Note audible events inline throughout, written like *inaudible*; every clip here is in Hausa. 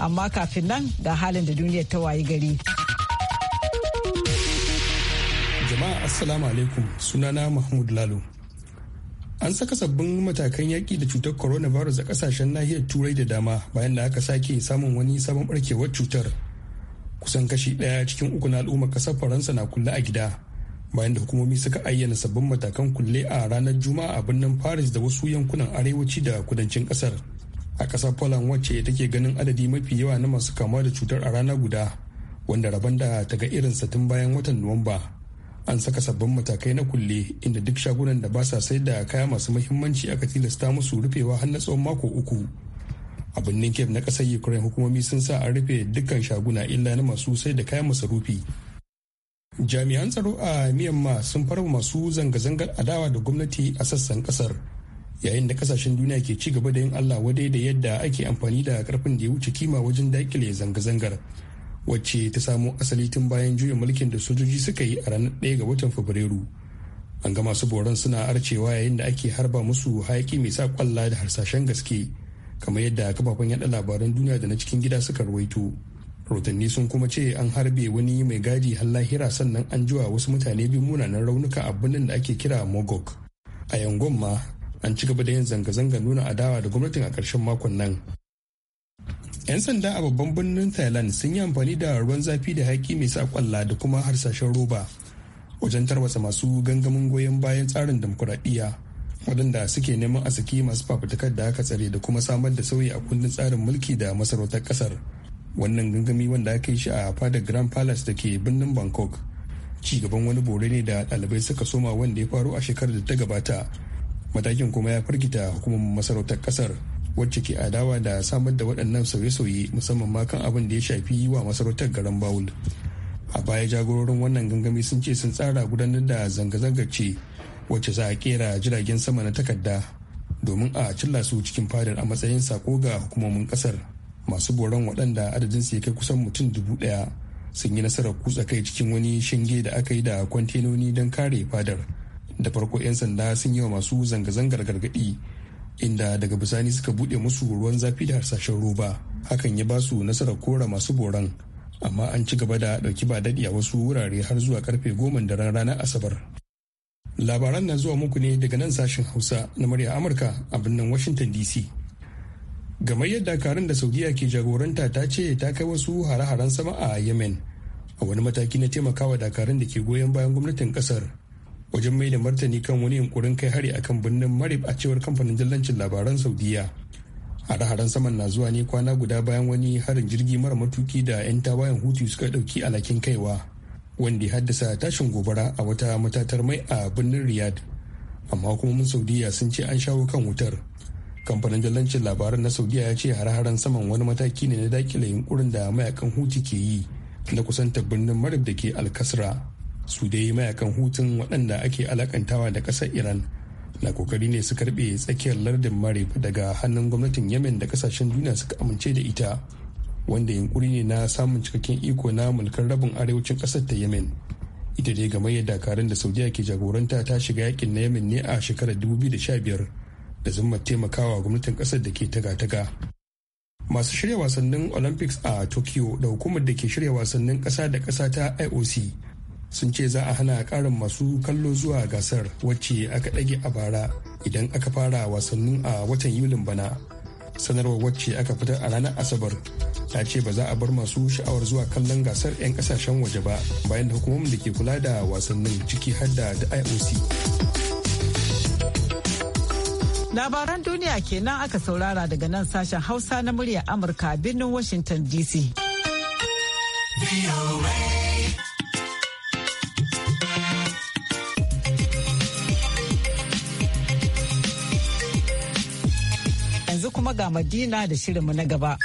amma kafin nan ga halin da duniyar ta wayi gari. Jama'a Assalamu alaikum sunana Mahmud Lalo. An saka sabbin matakan yaƙi da cutar coronavirus a ƙasashen nahiyar Turai da dama bayan da aka sake samun wani sabon barkewar cutar. Kusan kashi ɗaya cikin uku na al'ummar ƙasar Faransa na kulle a gida. Bayan da hukumomi suka ayyana sabbin matakan kulle a ranar Juma'a a birnin Paris da wasu yankunan arewaci da kudancin ƙasar. a ƙasar poland wacce take ganin adadi mafi yawa na masu kama da cutar a rana guda wanda rabon da ta ga irin tun bayan watan nuwamba an saka sabbin matakai na kulle inda duk shagunan da ba sa sayar da kaya masu mahimmanci aka tilasta musu rufewa har na tsawon mako uku a birnin na kasar ukraine hukumomi sun sa an rufe dukkan shaguna illa na masu sai da kayan masarufi jami'an tsaro a myanmar sun fara masu zanga-zangar adawa da gwamnati a sassan kasar yayin da kasashen duniya ke ci gaba da yin allah wadai da yadda ake amfani da karfin da ya wuce kima wajen dakile zanga-zangar wacce ta samo asali tun bayan juyin mulkin da sojoji suka yi a ranar ɗaya ga watan fabrairu an ga masu boron suna arcewa yayin da ake harba musu hayaki mai sa kwalla da harsashen gaske kamar yadda kafafen yaɗa labaran duniya da na cikin gida suka ruwaito rahotanni sun kuma ce an harbe wani mai gadi har lahira sannan an jiwa wasu mutane biyu munanan raunuka a birnin da ake kira mogok a yangon ma an ci gaba da yin zanga zanga nuna adawa da gwamnatin a ƙarshen makon nan 'yan sanda a babban birnin thailand sun yi amfani da ruwan zafi da haƙi mai sa kwalla da kuma harsashen roba wajen tarwasa masu gangamin goyon bayan tsarin demokuraɗiyya waɗanda suke neman a saki masu fafutukar da aka tsare da kuma samar da sauyi a kundin tsarin mulki da masarautar ƙasar wannan gangami wanda aka yi shi a fadar grand palace da ke birnin bangkok ci gaban wani bore ne da ɗalibai suka soma wanda ya faru a shekarar da ta gabata matakin kuma ya firgita hukumar masarautar kasar wacce ke adawa da samar da waɗannan sauye-sauye musamman ma kan abin da ya shafi yi wa masarautar garin bawul a baya jagororin wannan gangami sun ce sun tsara gudanar da zanga-zangar ce wacce za a kera jiragen sama na takarda domin a cilla su cikin fadar a matsayin sako ga hukumomin kasar masu boron waɗanda adadin su ya kai kusan mutum dubu ɗaya sun yi nasarar kutsa kai cikin wani shinge da aka yi da kwantenoni don kare fadar da farko 'yan sanda sun yi wa masu zanga-zangar gargaɗi inda daga bisani suka buɗe musu ruwan zafi da harsashen roba hakan ya ba su nasarar kora masu boran amma an ci gaba da ɗauki ba daɗi a wasu wurare har zuwa karfe goma da ranar asabar labaran na zuwa muku ne daga nan sashen hausa na murya amurka a birnin washington dc gamayyar dakarun da saudiya ke jagoranta ta ce ta kai wasu hare-haren sama a yemen a wani mataki na taimakawa dakarun da ke goyon bayan gwamnatin kasar wajen mai da martani kan wani yunkurin kai hari akan birnin marib a cewar kamfanin dillancin labaran saudiya hare-haren saman na zuwa ne kwana guda bayan wani harin jirgi mara matuki da 'yan tawayen hutu suka ɗauki alakin kaiwa wanda ya haddasa tashin gobara a wata matatar mai a birnin Riyad, amma hukumomin saudiya sun ce an shawo kan wutar kamfanin dillancin labaran na saudiya ya ce hare-haren saman wani mataki ne na dakile yunkurin da mayakan hutu ke yi na kusantar birnin marib da ke alkasra su dai mayakan hutun waɗanda ake alakantawa da ƙasar iran na kokari ne su karɓe tsakiyar lardin mare daga hannun gwamnatin yemen da ƙasashen duniya suka amince da ita wanda yunkuri ne na samun cikakken iko na mulkar rabin arewacin ƙasar ta yemen ita dai yadda dakarun da saudiya ke jagoranta ta shiga yakin na yemen ne a shekarar 2015 da zuma taimakawa gwamnatin ƙasar da ke taga-taga masu shirya wasannin olympics a tokyo da hukumar da ke shirya wasannin kasa da kasa ta ioc sun ce za a hana karin masu kallo zuwa gasar wacce aka ɗage a bara idan aka fara wasannin a watan yulin bana sanarwar wacce aka fitar a ranar asabar ta ce ba za a bar masu sha'awar zuwa kallon gasar 'yan kasashen waje ba bayan da hukumomin da ke kula da wasannin ciki har da ioc labaran duniya kenan aka saurara daga nan sashen hausa na murya amurka birnin washington dc kuma ga Madina da shirinmu na gaba.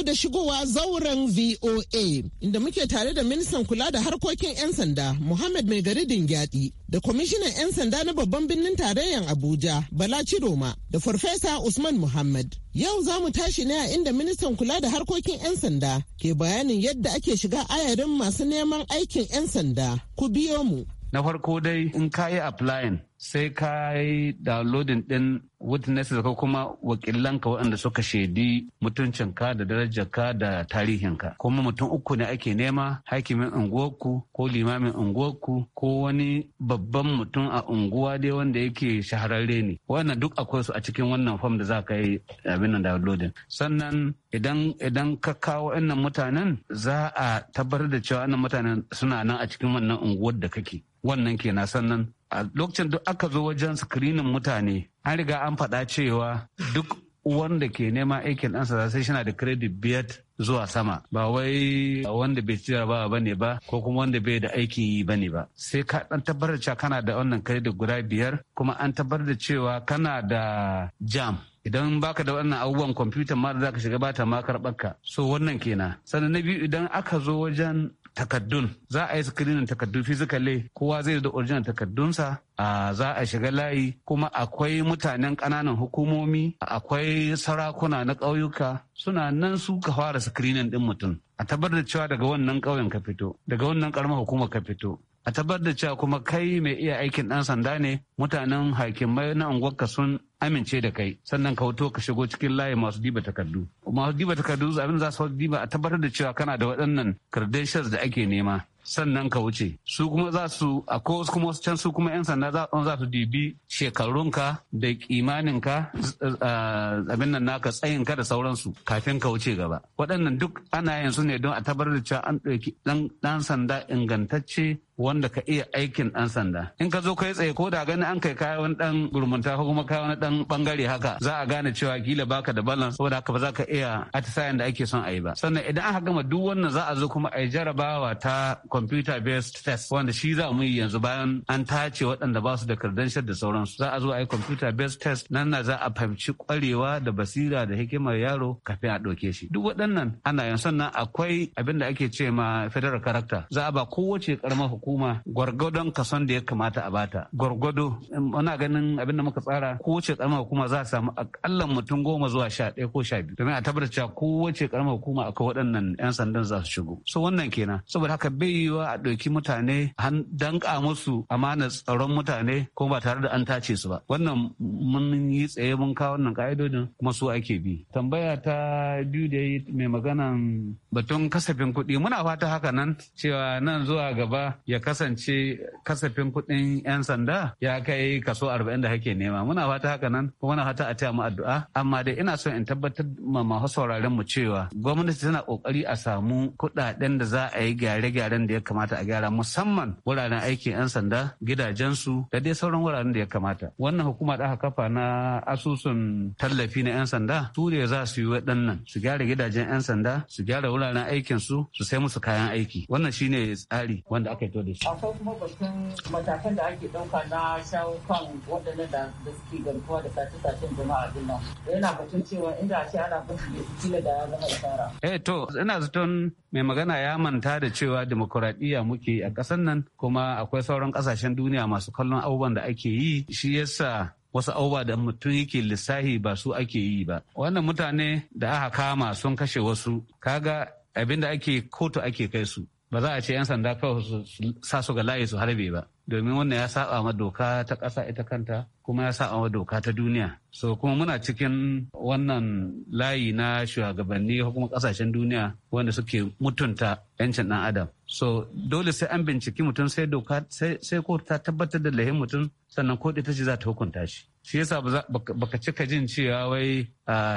Yau da shigowa zauren VOA inda muke tare da ministan kula da harkokin 'yan sanda Muhammad Mai Gyadi da kwamishinan 'yan sanda na babban birnin tarayyar Abuja Bala Chiroma da Farfesa Usman Muhammad. Yau za mu tashi ne a inda ministan kula da harkokin 'yan sanda ke bayanin yadda ake shiga ayarin masu neman aikin 'yan sanda. Ku biyo mu. Na farko dai in ka yi applying sai ka yi downloading din witnesses ko kuma wakilanka waɗanda suka shaidi mutuncinka da darajarka da tarihinka kuma mutum uku ne ake nema hakimin unguwarku ko limamin unguwarku ko wani babban mutum a unguwa dai wanda yake shahararre ne wannan duk akwai su a cikin wannan form da za ka yi abin downloading sannan idan idan ka kawo wannan mutanen za a tabbatar da cewa wannan mutanen suna nan a cikin wannan unguwar da kake wannan kenan sannan a lokacin duk aka zo wajen screening mutane an riga an faɗa cewa duk wanda ke nema aikin ɗansa sai shina da credit biyar zuwa sama ba wai wanda bai ci ba ba ne ba ko kuma wanda bai da aiki yi ba ne ba sai ka dan tabbatar da cewa kana da wannan credit guda biyar kuma an tabbatar da cewa kana da jam idan baka da wannan abubuwan kwamfutan ma da zaka shiga bata ma karɓar ka so wannan kenan sannan na biyu idan aka zo wajen takaddun za a yi screening takaddun physically kowa zai da original takaddunsa a za a shiga layi kuma akwai mutanen ƙananan hukumomi akwai sarakuna na ƙauyuka suna nan su ka fara screening din mutum a tabbatar da cewa daga wannan ƙauyen ka fito daga wannan ƙaramar hukumar ka fito a tabbatar da cewa kuma kai mai iya aikin ɗan sanda ne mutanen hakimai na unguwarka sun amince da kai sannan ka hoto ka shigo cikin layi masu diba takardu masu diba takardu abin za su diba a tabbatar da cewa kana da waɗannan credentials da ake nema sannan ka wuce su kuma za su a wasu kuma can su kuma yan sanda za su dibi shekarunka da kimaninka eh, abin nan naka tsayinka da sauransu kafin ka wuce gaba waɗannan duk ana yin su ne don a tabbatar da cewa an ɗauki ɗan sanda ingantacce wanda ka iya aikin dan sanda in ka zo kai tsaye ko da gani an kai kayan wani dan gurmunta ko kuma kaya wani dan bangare haka za a gane cewa kila baka da balance saboda haka ba za ka iya atisayen da ake son a yi ba sannan idan aka gama duk wannan za a zo kuma a yi jarabawa ta computer based test wanda shi za mu yi yanzu bayan an tace waɗanda ba su da credential da sauransu za a zo a yi computer based test nan na za a fahimci kwarewa da basira da hikimar yaro kafin a ɗauke shi duk waɗannan ana yin sannan akwai abin da ake ce ma federal character za a ba kowace ƙaramar hukuma hukuma gwargwadon kason da ya kamata a bata gwargwado muna ganin abin da muka tsara kowace karamar hukuma za a samu akalla mutum goma zuwa sha ɗaya ko sha biyu domin a tabbatar cewa kowace karamar hukuma akwai waɗannan 'yan sandan za su shigo so wannan kenan saboda haka bai yiwuwa a ɗauki mutane danƙa musu amana tsaron mutane ko ba tare da an tace su ba wannan mun yi tsaye mun kawo wannan ka'idodin kuma su ake bi tambaya ta biyu da yi mai maganan batun kasafin kuɗi muna fata haka nan cewa nan zuwa gaba ya kasance kasafin kuɗin 'yan sanda ya kai kaso 40 da hake nema muna fata haka nan kuma na fata a taya mu addu'a amma dai ina so in tabbatar ma masu sauraren mu cewa gwamnati tana kokari a samu kuɗaɗen da za a yi gyare-gyaren da ya kamata a gyara musamman wuraren aikin 'yan sanda gidajensu da dai sauran wuraren da ya kamata wannan hukuma da aka kafa na asusun tallafi na 'yan sanda su ne za su yi waɗannan su gyara gidajen 'yan sanda su gyara wuraren aikin su su sai musu kayan aiki wannan shine tsari wanda aka yi da shi. Akwai kuma batun matakan da ake ɗauka na shawo kan waɗannan da suke garkuwa da sace-sacen jama'a din nan. Yana batun cewa inda a ce ana bincike su kila da ya zama isara. Eh to ina zaton mai magana ya manta da cewa demokuraɗiyya muke a ƙasar nan kuma akwai sauran ƙasashen duniya masu kallon abubuwan da ake yi shi yasa wasu abubuwa da mutum yake lissahi ba su ake yi ba wannan mutane da aka kama sun kashe wasu kaga abin da ake kotu ake kai su ba za a ce 'yan sanda kawai su sa su ga layi su harbe ba domin wannan ya saba ma doka ta ƙasa ita kanta kuma ya saba ma doka ta duniya so kuma muna cikin wannan layi na shugabanni ko kuma ƙasashen duniya wanda suke mutunta 'yancin ɗan adam so dole sai an binciki mutum sai doka sai ko ta tabbatar da lahin mutum sannan ko ita ce za ta hukunta shi shi yasa baka cika jin cewa wai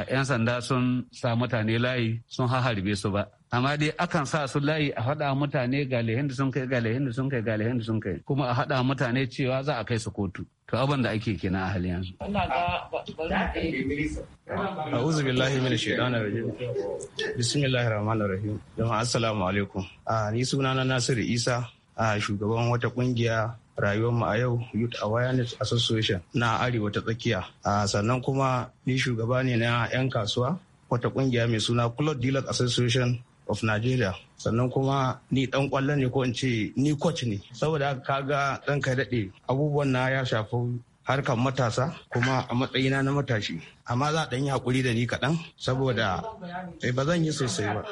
'yan ah, sanda sun sa mutane layi sun haharbe su ba amma dai akan sa su layi a haɗa mutane ga lehen da sun kai ga lehen da sun kai ga lehen da sun kai kuma a haɗa mutane cewa za a kai su kotu to abin da ake kina a halin yanzu a'udhu billahi minash shaitanir rajim bismillahir rahmanir rahim jama'a assalamu alaikum a ni sunana nasiru isa a shugaban wata kungiya rayuwar mu a yau youth awareness association na arewa ta tsakiya sannan kuma ni shugaba ne na 'yan kasuwa wata kungiya mai suna Cloud Dealers Association of Nigeria. sannan kuma ni dan kwallo ne ko in ce ni coach ne saboda ka ga dan kai daɗe abubuwan na ya shafi harkar matasa kuma a matsayina na matashi amma za ɗan yi hakuri da ni kaɗan saboda eh, ba zan yi sosai ba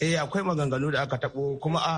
eh akwai maganganu da aka taɓo kuma a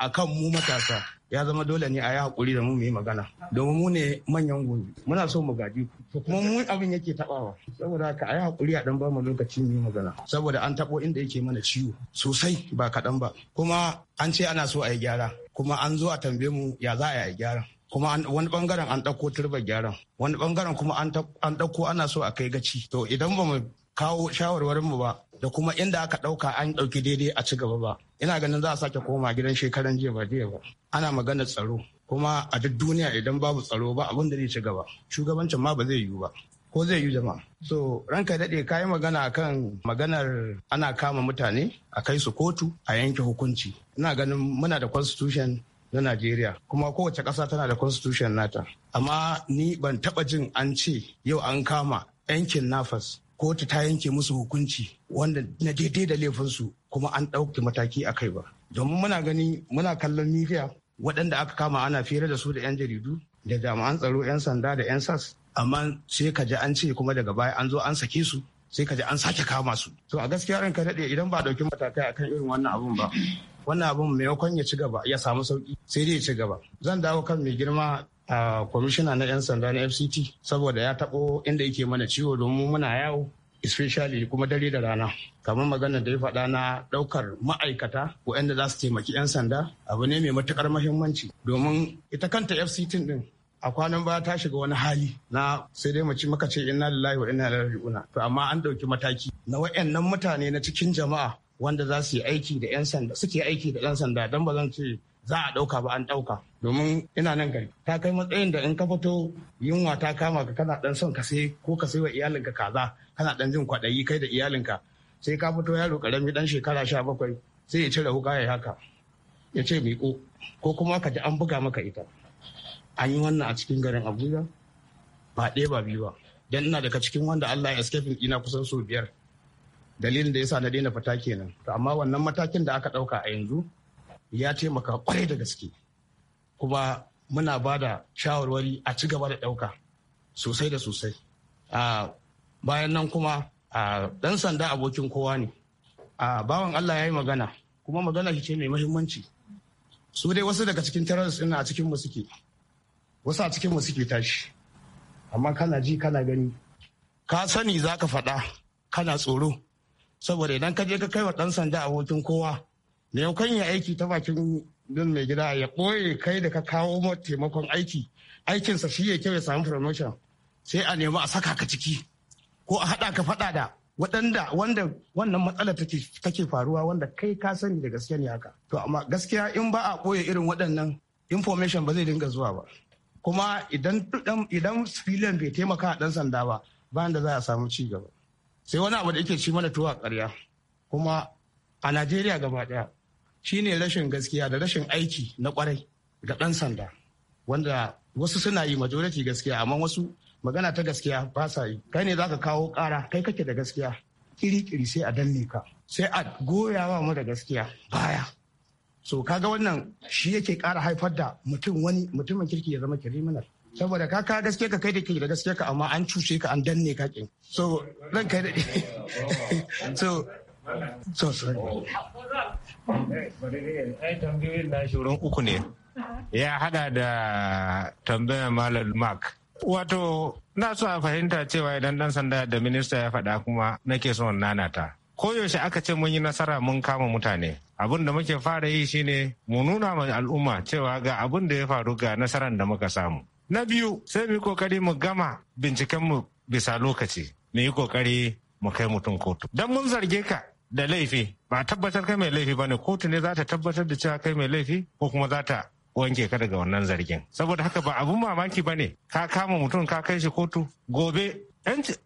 akan mu matasa ya zama dole ne a yi hakuri da mu mu yi magana domin mu ne manyan gobe muna so mu gaji ku kuma mu abin yake tabawa saboda haka a yi hakuri a dan ba lokaci mu yi magana saboda an tabo inda yake mana ciwo sosai ba kaɗan ba kuma an ce ana so a yi gyara kuma an zo a tambaye mu ya za a yi gyara kuma wani bangaren an ɗauko turba gyaran wani bangaren kuma an ɗauko ana so a kai gaci to idan ba mu kawo shawarwarin mu ba da kuma inda aka ɗauka an ɗauki daidai a ci gaba ba ina ganin za a sake koma gidan shekaran jiya ba jiya ba ana magana tsaro kuma a duk duniya idan babu tsaro ba abin da zai ci gaba shugabancin ma ba zai yiwu ba ko zai yi jama'a. So ranka daɗe ka yi magana akan maganar ana kama mutane a kai su kotu a yanke hukunci. Ina ganin muna da constitution na Najeriya kuma kowace ƙasa tana da constitution nata. Amma ni ban taɓa jin an ce yau an kama yankin nafas kotu ta yanke musu hukunci wanda na daidai da laifinsu kuma an ɗauki mataki a kai ba domin muna gani muna kallon media waɗanda aka kama ana fere da su da 'yan jaridu da jami'an tsaro 'yan sanda da 'yan sas amma sai ka ji an ce kuma daga baya an zo an sake su sai ka ji an sake kama su to a gaskiya ranka daɗe idan ba a ɗauki matakai akan irin wannan abun ba wannan abun maimakon ya ci gaba ya samu sauki sai dai ya ci gaba zan dawo kan mai girma a kwamishina na 'yan sanda na fct saboda ya taɓo inda yake mana ciwo domin muna yawo especially kuma dare da rana kamar magana da ya faɗa na ɗaukar ma'aikata waɗanda za su taimaki 'yan sanda abu ne mai matuƙar mahimmanci domin ita kanta fct din a kwanan baya ta shiga wani hali na sai dai mace maka ce inna lillahi wa inna ilaihi raji'una to amma an ɗauki mataki na wayannan mutane na cikin jama'a wanda za su yi aiki da 'yan sanda suke aiki da 'yan sanda don ba zan ce za a ɗauka ba an ɗauka domin ina nan gari ta kai matsayin da in ka fito yunwa ta kama ka kana dan son ka sai ko ka sai wa iyalinka kaza kana dan jin kwaɗayi kai da iyalinka sai ka fito yaro karami dan shekara sha bakwai sai ya cire wuka ya haka ya ce miƙo ko kuma ka ji an buga maka ita an yi wannan a cikin garin abuja ba ɗaya ba biyu ba dan ina daga cikin wanda allah ya fin ina kusan sau biyar dalilin da yasa na daina fita kenan to amma wannan matakin da aka ɗauka a yanzu ya taimaka kwarai da gaske kuma muna ba da shawarwari a ci gaba da ɗauka sosai da sosai bayan nan kuma ɗan sanda abokin kowa ne bawan allah ya yi magana kuma magana shi ce mai mahimmanci su dai wasu daga cikin terrorist ina a cikin mu suke wasu a cikin mu suke tashi amma kana ji kana gani ka sani za ka faɗa kana tsoro saboda idan ka je ka kai wa ɗan sanda abokin kowa da yau kan yi aiki ta bakin din mai gida ya ɓoye kai da ka kawo taimakon aiki aikinsa shi ya kyau ya samu promotion sai a nemi a saka ka ciki ko a haɗa ka faɗa da waɗanda wanda wannan matsalar take faruwa wanda kai ka sani da gaskiya ne haka to amma gaskiya in ba a ɓoye irin waɗannan information ba zai dinga zuwa ba kuma idan idan filin bai taimaka a ɗan sanda ba bayan da za a samu ci gaba sai wani abu da yake ci mana tuwa ƙarya kuma a najeriya gaba ɗaya shine rashin gaskiya da rashin aiki na kwarai ga ɗan sanda wanda wasu suna yi majority gaskiya amma wasu magana ta gaskiya ba sa yi kai ne za ka kawo ƙara kai kake da gaskiya kiri-kiri sai a danne ka sai a goya wa mu da gaskiya baya so kaga wannan shi yake ƙara haifar da mutum wani mutumin kirki ya zama criminal saboda ka ka gaske ka kai da kiri da gaske ka amma an cuce ka an danne ka kin so ran kai da *laughs* so so sorry shirin uku ne. Ya hada da tambayar Malam Mark. Wato, na so a fahimta cewa idan dan sanda da minista ya faɗa kuma nake son nanata. Koyaushe aka ce mun yi nasara mun kama mutane. Abin da muke fara yi shine mu nuna ma al'umma cewa ga abin da ya faru ga nasarar da muka samu. Na biyu sai mu yi kokari mu gama bincikenmu bisa lokaci. Mu yi kokari mu kai mutum kotu. Dan mun zarge ka da laifi ba tabbatar kai mai laifi ba ne kotu ne za ta tabbatar da cewa kai mai laifi ko kuma za ta wanke ka daga wannan zargin saboda haka ba abun mamaki ba ne ka kama mutum ka kai shi kotu gobe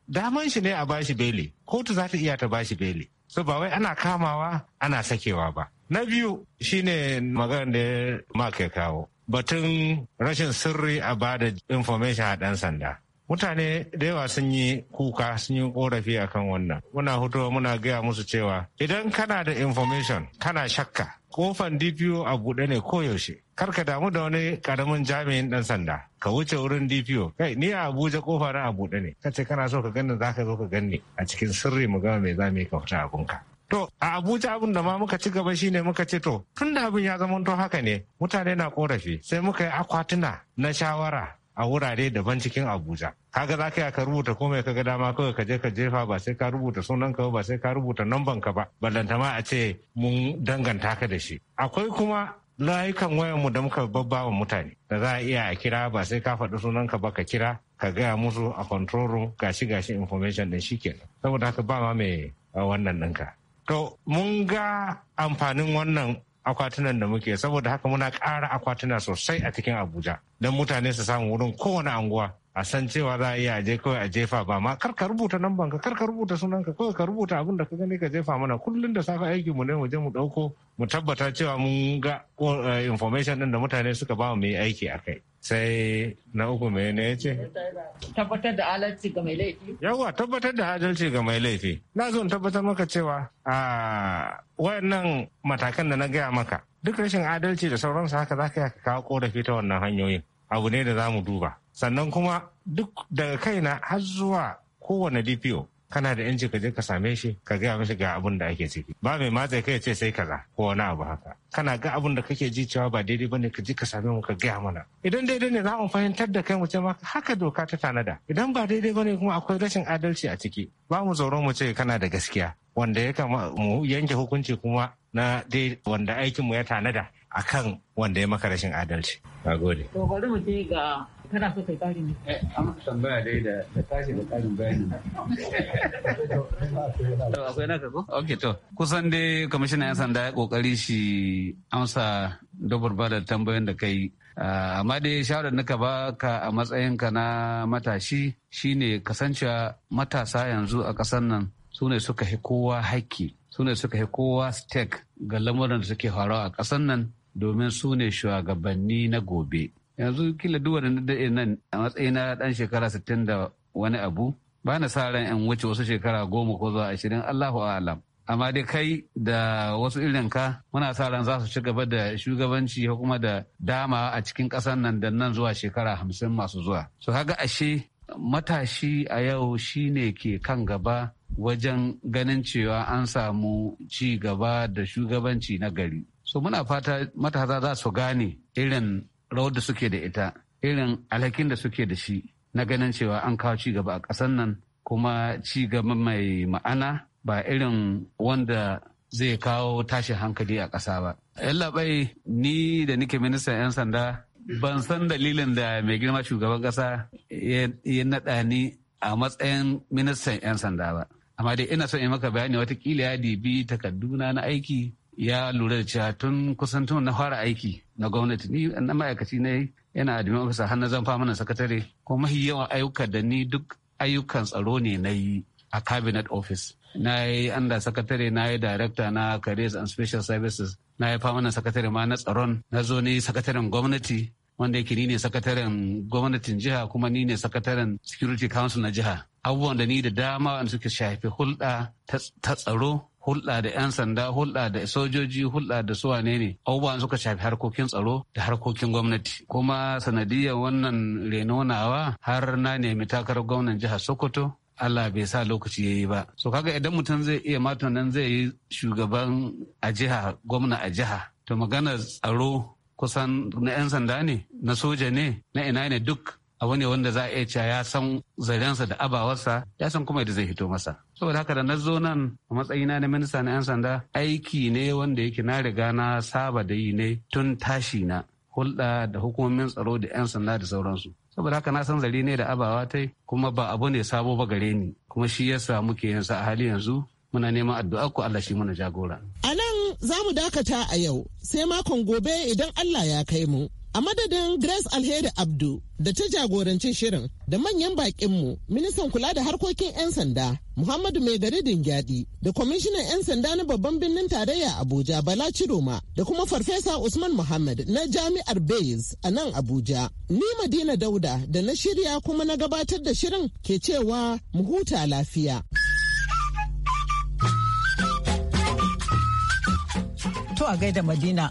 daman shi ne a bashi beli kotu za ta iya ta bashi beli so ba wai ana kamawa ana sakewa ba na biyu shine maganar da ma ya kawo batun rashin sirri a bada information a dan sanda mutane da yawa sun yi kuka sun yi korafi kan wannan muna hutuwa muna gaya musu cewa idan kana da information kana shakka kofan dpo a bude ne koyaushe kar ka damu da wani karamin jami'in dan sanda ka wuce wurin dpo kai ni a abuja kofa na a bude ne kace kana so ka ganni zaka zo ka ganni a cikin sirri mu gama me za mu yi ka fita abunka To a Abuja abin da ma muka ci gaba shine muka ce to tun abin ya zama haka ne mutane na korafi sai muka yi akwatuna na shawara a wurare daban cikin abuja kaga za ka ka rubuta komai ka ga dama kawai ka je ka jefa ba sai ka rubuta sunan ka ba sai ka rubuta namban ka ba ballanta ma a ce mun danganta ka da shi akwai kuma layukan wayan mu da muka babbawa mutane da za a iya a kira ba sai ka faɗi sunan ka ba ka kira ka gaya musu a control room gashi gashi information din shikenan saboda haka ba ma mai wannan ɗinka to mun ga amfanin wannan akwatunan da muke saboda haka muna ƙara akwatuna sosai a cikin abuja don mutane su samu wurin kowane anguwa a san cewa za a iya je kawai a jefa ba ma kar ka rubuta nan ka kar ka rubuta sunanka kawai ka rubuta abin da ka gani ka jefa mana kullum da safe aiki mu ne mu je mu dauko mu tabbata cewa mun ga eh, information din da mutane suka ba mu yi aiki akai sai na uku me ne ya ce? Tabbatar da adalci ga mai laifi. yawa tabbatar da adalci ga mai laifi. Na zo in tabbatar maka cewa a wayannan matakan da na gaya maka duk rashin adalci da sauransu haka za ka kawo korafi ta wannan hanyoyin. abu ne da za mu duba sannan kuma duk daga kaina har zuwa kowane dpo kana da yanci ka je ka same shi ka gaya mishi ga abin da ake ciki ba mai matsayi kai ce sai kaza ko wani abu haka kana ga abin da kake ji cewa ba daidai bane ka je ka same mu ka gaya mana idan daidai ne za mu fahimtar da kai mu ce maka haka doka ta tanada idan ba daidai bane kuma akwai rashin adalci a ciki ba mu tsoro mu ce kana da gaskiya wanda ya kama mu yanke hukunci kuma na dai wanda aikin mu ya tanada kan wanda ya maka rashin adalci na gode to bari mu je ga kana so kai tsari ne eh, a maka tambaya dai da tashi da tsarin bayani to akwai na ko okay to kusan dai kwamishinan yan sanda ya kokari shi amsa dubar ba da tambayoyin da kai ah, amma dai shawarar da ka ba ka a matsayinka na matashi shine kasancewa matasa yanzu a ƙasar nan su ne suka fi kowa haƙƙi su ne suka fi kowa stake ga lamuran da suke faruwa a ƙasar nan domin su ne shugabanni na gobe yanzu kila duwa da daɗe nan a matsayi na ɗan shekara sittin da wani abu ba na sa ran in wuce wasu shekara goma ko zuwa ashirin allahu alam amma dai kai da wasu irin ka muna sa ran za su ci gaba da shugabanci ko kuma da dama a cikin ƙasar nan da nan zuwa shekara hamsin masu zuwa su kaga ashe matashi a yau shine ke kan gaba wajen ganin cewa an samu ci gaba da shugabanci na gari so muna fata matasa za su gane irin rawar da suke da ita irin alhakin da suke da shi na ganin cewa an kawo ci gaba a ƙasar nan kuma ci gaba mai ma'ana ba irin wanda zai kawo tashin hankali a ƙasa ba. labai ni da nike ministan 'yan sanda ban san dalilin da mai girma shugaban ƙasa ya naɗa ni a matsayin ministan 'yan sanda ba. Amma dai ina son in maka bayani watakila ya dibi takarduna na aiki ya lura da cewa tun kusan tun na fara aiki na gwamnati ni na ma'aikaci ne yana admin ofisa har na zan fama na sakatare ko mafi yawan ayyuka da ni duk ayyukan tsaro ne na yi a cabinet office na yi anda sakatare na yi director na careers and special services na yi fama na sakatare ma na tsaron na zo ni sakataren gwamnati wanda yake ni ne sakataren gwamnatin jiha kuma ni ne sakataren security council na jiha abubuwan da ni da dama wanda suka shafi hulɗa ta tsaro hulɗa da 'yan sanda hulɗa da sojoji hulɗa da su wane ne abubuwan suka shafi harkokin tsaro da harkokin gwamnati kuma sanadiyar wannan renonawa har na nemi takarar gwamnan jihar sokoto Allah bai sa lokaci ya yi ba. So kaga idan mutum zai iya matan nan zai yi shugaban a jiha, gwamna a jiha. To magana tsaro kusan na 'yan sanda ne, na soja ne, na ina ne duk abu ne wanda za a iya cewa ya san zarensa da abawarsa ya san kuma yadda zai hito masa saboda haka da na zo nan a matsayina na minista na 'yan sanda aiki ne wanda yake na riga na saba da yi ne tun tashi na hulɗa da hukumomin tsaro da 'yan sanda da sauransu saboda haka na san zari ne da abawa tai kuma ba abu ne sabo ba gare ni kuma shi yasa muke yin sa a hali yanzu muna neman addu'a ku Allah shi muna jagora a nan za mu dakata a yau sai makon gobe idan Allah ya kai mu A madadin Grace Alheri Abdu da ta jagorancin shirin da manyan bakinmu ministan kula da harkokin 'yan sanda Muhammadu Mai Garidin Gyadi da kwamishinan 'yan sanda na babban birnin tarayya Abuja Bala Chiroma da kuma farfesa Usman Muhammad na jami'ar Bayes a nan Abuja. Ni Madina Dauda da na shirya kuma na gabatar da shirin ke cewa mu huta lafiya. To a gaida Madina.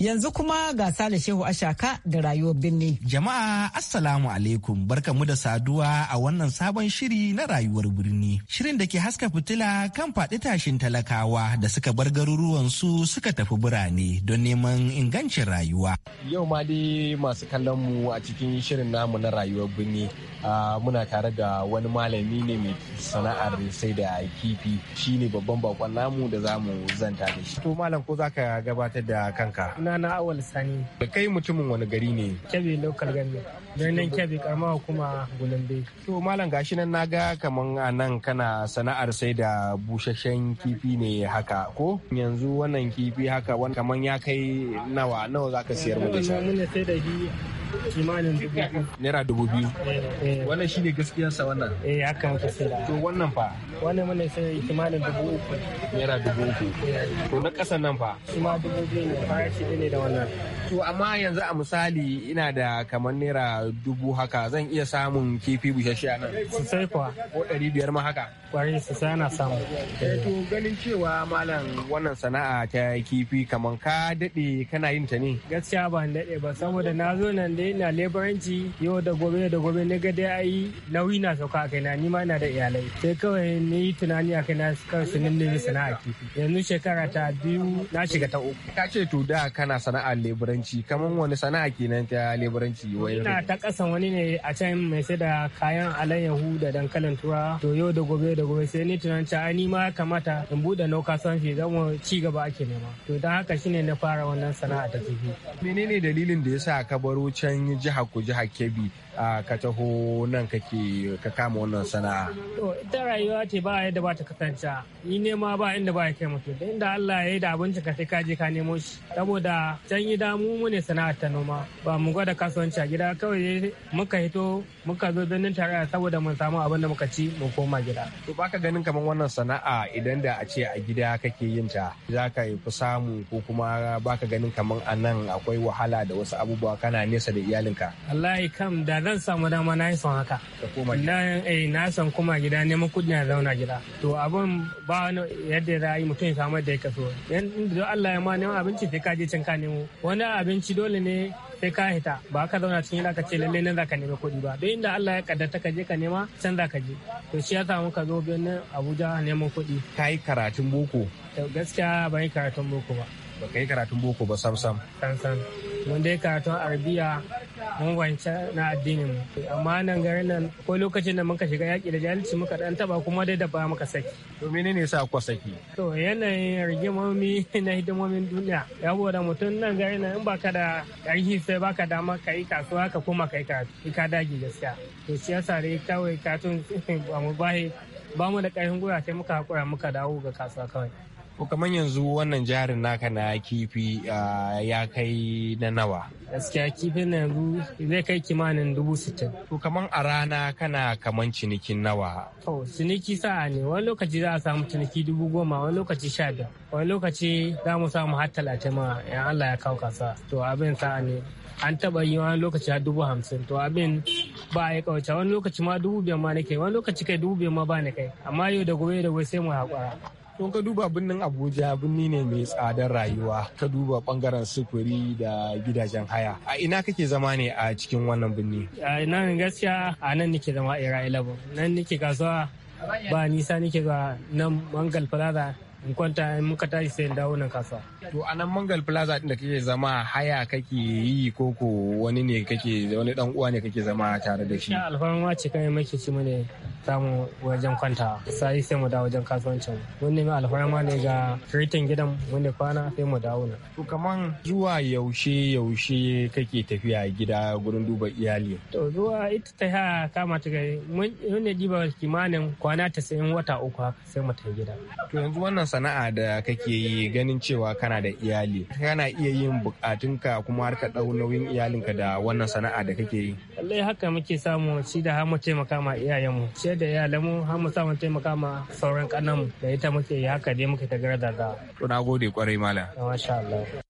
Yanzu kuma ga da Shehu Ashaka da rayuwar birni. Jama'a Assalamu alaikum barkamu da saduwa a wannan sabon shiri na rayuwar birni. Shirin da ke haska fitila kan faɗi tashin talakawa da suka bar garuruwan su suka tafi birane don neman ingancin rayuwa. Yau ma dai masu kallon mu a cikin shirin namu na rayuwar birni muna tare da wani malami ne mai sana'ar sai da kifi shine babban bakon namu da zamu zanta da shi. To malam ko zaka gabatar da kanka? sunana awal sani kai mutumin wani gari ne kyabe local government birnin kyabe karama kuma gulambe to malam gashi nan naga kaman a nan kana sana'ar sai da busasshen kifi ne haka ko yanzu wannan kifi haka wani kaman ya kai nawa nawa zaka siyar mu da shi kimanin dubu biyu. Naira dubu biyu. Eh, eh. Wannan shi ne sa wannan? Eh haka muka sai To wannan fa? Wannan mana sai kimanin dubu uku. Naira dubu uku. Eh. To na kasan nan fa? Shi ma dubu biyu ne farashi ɗin need on there. To amma yanzu a misali ina da kamar naira dubu haka zan iya samun kifi bushashe a nan. sai kuwa. Ko ɗari biyar ma haka. Kwari sai ana samu. Eh, to ganin cewa malam wannan sana'a ta kifi kamar ka daɗe kana yin ta ne. Gaskiya ban daɗe ba saboda na zo nan da na leburanci yau da gobe da gobe na ga dai ayi nauyi na sauka a kaina ni ma ina da iyalai. Sai kawai ni yi tunani a kaina kan su nemi sana'a kifi. Yanzu shekara ta biyu na shiga ta uku. Ka ce to da kana sana'a leburanci. leburanci kamar wani sana'a kenan ta leburanci wai ina ta kasan wani ne a can mai sai da kayan alayyahu da dankalin tura to yau da gobe da gobe sai ni tunanin ai ni ma kamata in bude san shi zan ci gaba ake nema to dan haka shine na fara wannan sana'a ta kifi menene dalilin da yasa ka baro can jiha ku jiha Kebbi ka taho nan kake ka kama wannan sana'a to ita rayuwa ce ba yadda ba ta kasance ni nema ba inda ba ya kai mutum da inda Allah ya yi da abinci ka sai ka je ka nemo shi saboda can yi damu mu ne sana'ar ta noma ba mu gwada kasuwanci a gida kawai muka hito muka zo birnin tarayya saboda mun samu abin da muka ci mu koma gida. To baka ganin kamar wannan sana'a idan da a ce a gida kake yin ta za ka fi samu ko kuma baka ganin kamar a nan akwai wahala da wasu abubuwa kana nesa da iyalinka. Wallahi kam da zan samu dama na yi son haka. Ka koma gida. Na eh, son koma gida neman kuɗi na zauna gida. To abin ba wani yadda za a yi mutum ya samu yadda ya kaso. Yan Allah ya ma neman abinci sai ka je can ka nemo. Wani abinci dole ne sai ka hita ba ka zauna cikin ka ce lallai nan ka nemi kuɗi ba don inda Allah ya kaddata ka je ka nema can ka je to shi ya samu ka zo birnin Abuja neman kuɗi ka yi karatun boko gaskiya ban yi karatun boko ba ba ka yi karatun boko ba sam sam sam sam mun dai karatun arabiya mun wance na addinin amma nan garin nan ko lokacin da muka shiga yaki da jahilci muka dan taba kuma dai da ba muka saki to menene yasa ku saki to yanayin rigimomi *laughs* na hidimomin duniya ya da mutum nan garin nan in baka da ƙarfi sai baka dama ka yi kasuwa ka koma ka yi karatu ka dage gaskiya to siyasa dai kawai katun *laughs* ba mu bahe ba mu da ƙarfin gwiwa sai muka hakura muka dawo ga kasuwa kawai ko kamar yanzu wannan jarin naka na kifi ya kai na nawa gaskiya kifin na yanzu zai kai kimanin dubu sittin ko kamar a rana kana kamar cinikin nawa to ciniki sa'a ne wani lokaci za a samu ciniki dubu goma wani lokaci sha biyar wani lokaci za mu samu har talatin ma in allah ya kawo kasa to abin sa'a ne an taba yi wani lokaci har dubu hamsin to abin ba ya kauce wani lokaci ma dubu biyar ma nake wani lokaci kai dubu biyar ma ba ni kai amma yau da gobe da gobe sai mu haƙura Don ka duba birnin Abuja birni ne mai tsadar rayuwa ka duba bangaren sufuri da gidajen haya. A ina kake zama ne a cikin wannan birni? A ina ne gaskiya a nan nake zama a Ira Nan nake kasuwa ba nisa nake zuwa nan Mangal Plaza in kwanta in muka tashi sai in dawo nan kasuwa to a nan mangal plaza din da kake zama haya kake yi ko ko wani ne kake wani dan uwa ne kake zama tare da shi alfarma ce kai muke ci mu ne samu wajen kwanta sai sai mu dawo wajen kasuwancin ne mai alfarma ne ga kiritin gidan wanda kwana sai mu dawo nan to kaman zuwa yaushe yaushe kake tafiya gida gurin duba iyali to zuwa ita ta ha kama ta gari mun ne diba kimanin kwana 90 wata uku haka sai mu tafi gida to yanzu wannan sana'a da kake yi ganin cewa kana da iyali kana iya yin bukatunka kuma har ka dau nauyin ka da wannan sana'a da kake yi lallai haka muke samu shi da har mu taimaka ma mu shi da iyalanmu har mu samu taimaka ma sauran mu da ita muke yi haka dai muke ta gara da to na gode kwarai malam masha Allah